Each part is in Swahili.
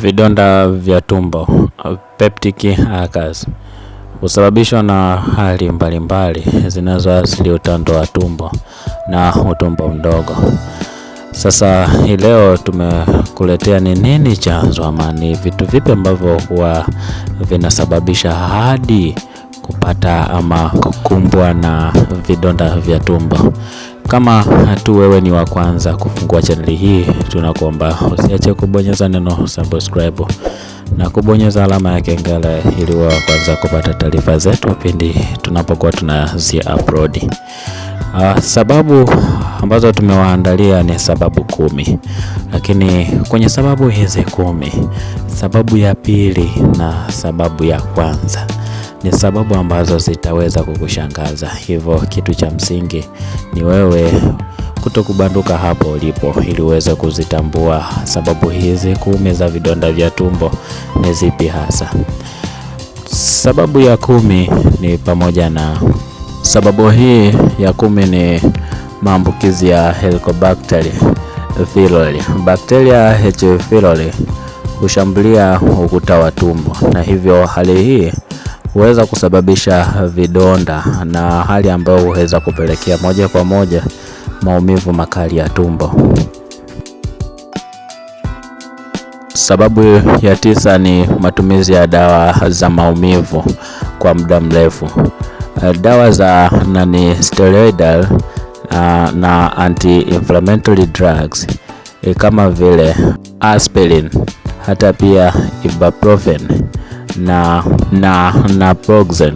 Vidonda vya tumbo peptic ulcers husababishwa na hali mbalimbali zinazoathiri utando wa tumbo na utumbo mdogo. Sasa hii leo tumekuletea ni nini chanzo, ama ni vitu vipi ambavyo huwa vinasababisha hadi kupata ama kukumbwa na vidonda vya tumbo. Kama tu wewe ni wa kwanza kufungua chaneli hii, tunakuomba usiache kubonyeza neno subscribe na kubonyeza alama ya kengele ili wa kwanza kupata taarifa zetu pindi tunapokuwa tunazi upload. Uh, sababu ambazo tumewaandalia ni sababu kumi, lakini kwenye sababu hizi kumi, sababu ya pili na sababu ya kwanza ni sababu ambazo zitaweza kukushangaza. Hivyo kitu cha msingi ni wewe kutokubanduka hapo ulipo, ili uweze kuzitambua sababu hizi kumi za vidonda vya tumbo ni zipi hasa. Sababu ya kumi ni pamoja na sababu hii ya kumi ni maambukizi ya Helicobacter pylori. Bakteria H pylori hushambulia ukuta wa tumbo na hivyo hali hii huweza kusababisha vidonda na hali ambayo huweza kupelekea moja kwa moja maumivu makali ya tumbo. Sababu ya tisa ni matumizi ya dawa za maumivu kwa muda mrefu. Dawa za nani steroidal na, ah, na anti-inflammatory drugs eh, kama vile aspirin hata pia ibuprofen na, na, na proxen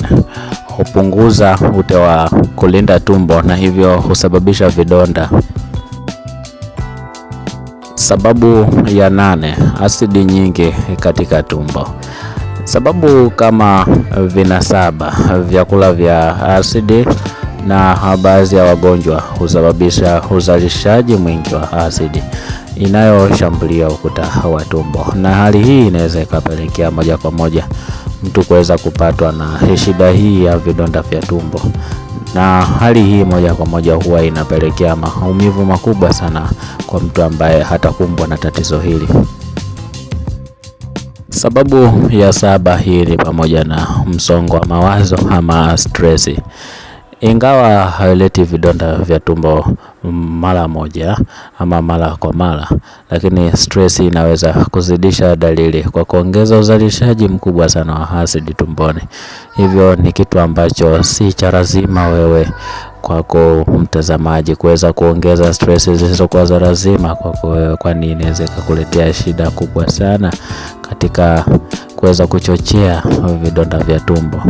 hupunguza ute wa kulinda tumbo na hivyo husababisha vidonda. Sababu ya nane, asidi nyingi katika tumbo. Sababu kama vinasaba, vyakula vya asidi na baadhi ya wagonjwa husababisha uzalishaji mwingi wa asidi inayoshambulia ukuta wa tumbo, na hali hii inaweza ikapelekea moja kwa moja mtu kuweza kupatwa na shida hii ya vidonda vya tumbo, na hali hii moja kwa moja huwa inapelekea maumivu makubwa sana kwa mtu ambaye hatakumbwa na tatizo hili. Sababu ya saba hii ni pamoja na msongo wa mawazo ama stresi. Ingawa haileti vidonda vya tumbo mara moja ama mara kwa mara, lakini stress inaweza kuzidisha dalili kwa kuongeza uzalishaji mkubwa sana wa asidi tumboni. Hivyo ni kitu ambacho si cha lazima wewe kwako mtazamaji kuweza kuongeza stress zisizokuwa za lazima kwako wewe, kwani inaweza ikakuletea shida kubwa sana katika kuweza kuchochea vidonda vya tumbo.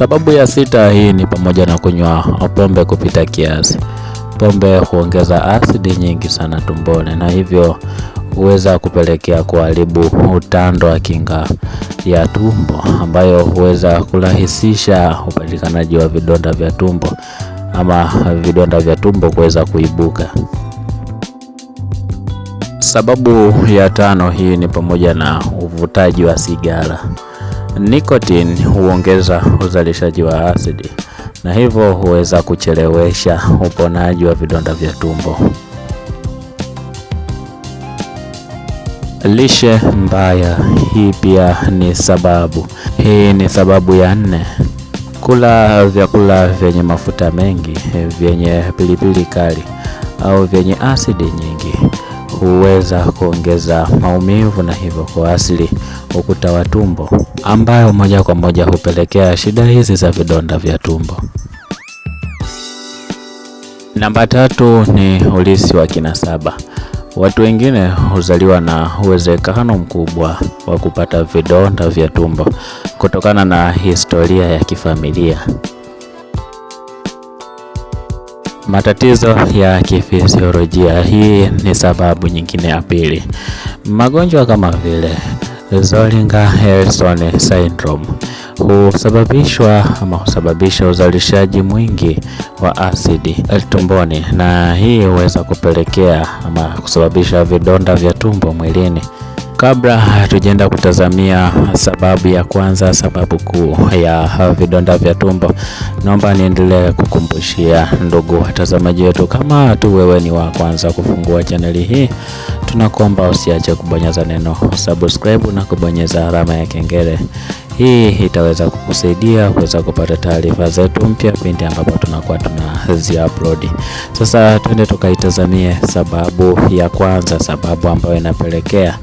Sababu ya sita hii ni pamoja na kunywa pombe kupita kiasi. Pombe huongeza asidi nyingi sana tumboni na hivyo huweza kupelekea kuharibu utando wa kinga ya tumbo ambayo huweza kurahisisha upatikanaji wa vidonda vya tumbo ama vidonda vya tumbo kuweza kuibuka. Sababu ya tano hii ni pamoja na uvutaji wa sigara. Nikotini huongeza uzalishaji wa asidi na hivyo huweza kuchelewesha uponaji wa vidonda vya tumbo. Lishe mbaya hii pia ni sababu. Hii ni sababu ya nne. Kula vyakula vyenye mafuta mengi, vyenye pilipili kali au vyenye asidi nyingi huweza kuongeza maumivu na hivyo kuathiri ukuta wa tumbo, ambayo moja kwa moja hupelekea shida hizi za vidonda vya tumbo. Namba tatu ni ulisi wa kinasaba. Watu wengine huzaliwa na uwezekano mkubwa wa kupata vidonda vya tumbo kutokana na historia ya kifamilia. Matatizo ya kifisiolojia. Hii ni sababu nyingine ya pili. Magonjwa kama vile Zollinger-Ellison syndrome husababishwa ama husababisha uzalishaji mwingi wa asidi tumboni, na hii huweza kupelekea ama kusababisha vidonda vya tumbo mwilini. Kabla hatujaenda kutazamia sababu ya kwanza, sababu kuu ya vidonda vya tumbo, naomba niendelee kukumbushia ndugu watazamaji wetu, kama tu wewe ni wa kwanza kufungua chaneli hii, tunakuomba usiache kubonyeza neno subscribe na kubonyeza alama ya kengele hii itaweza kukusaidia kuweza kupata taarifa zetu mpya pindi ambapo tunakuwa tunazi upload. Sasa twende tukaitazamie sababu ya kwanza, sababu ambayo inapelekea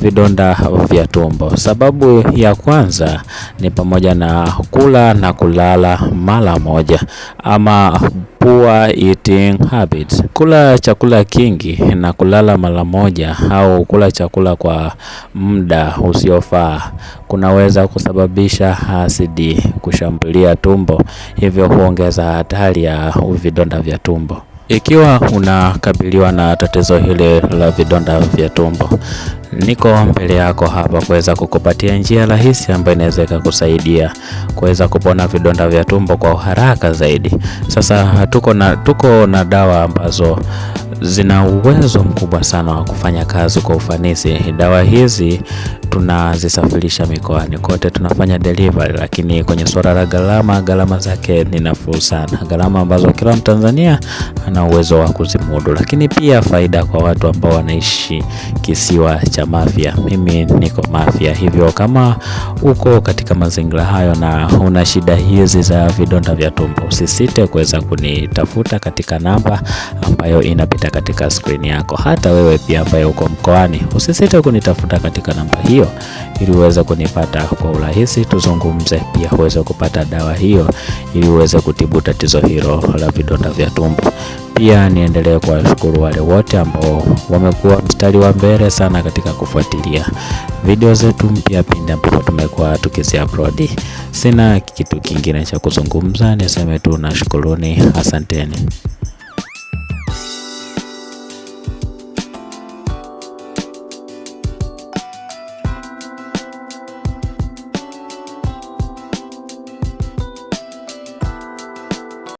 vidonda vya tumbo. Sababu ya kwanza ni pamoja na kula na kulala mara moja ama poor eating habits. Kula chakula kingi na kulala mara moja au kula chakula kwa muda usiofaa kunaweza kusababisha asidi kushambulia tumbo, hivyo huongeza hatari ya vidonda vya tumbo. Ikiwa unakabiliwa na tatizo hili la vidonda vya tumbo, niko mbele yako hapa kuweza kukupatia njia rahisi ambayo inaweza ikakusaidia kuweza kupona vidonda vya tumbo kwa haraka zaidi. Sasa tuko na, tuko na dawa ambazo zina uwezo mkubwa sana wa kufanya kazi kwa ufanisi. Dawa hizi tunazisafirisha mikoani kote, tunafanya delivery. Lakini kwenye suala la gharama, gharama zake ni nafuu sana, gharama ambazo kila Mtanzania ana uwezo wa kuzimudu, lakini pia faida kwa watu ambao wanaishi kisiwa cha Mafia. Mimi niko Mafia, hivyo kama uko katika mazingira hayo na una shida hizi za vidonda vya tumbo, usisite kuweza kunitafuta katika namba ambayo inapita katika skrini yako. Hata wewe pia ambaye uko mkoani, usisite kunitafuta katika namba hii hiyo ili uweze kunipata kwa urahisi, tuzungumze. Pia uweze kupata dawa hiyo ili uweze kutibu tatizo hilo la vidonda vya tumbo. Pia niendelee kuwashukuru wale wote ambao wamekuwa mstari wa mbele sana katika kufuatilia video zetu mpya pindi ambapo tumekuwa tukizi upload. Sina kitu kingine cha kuzungumza, niseme tu nashukuruni, asanteni.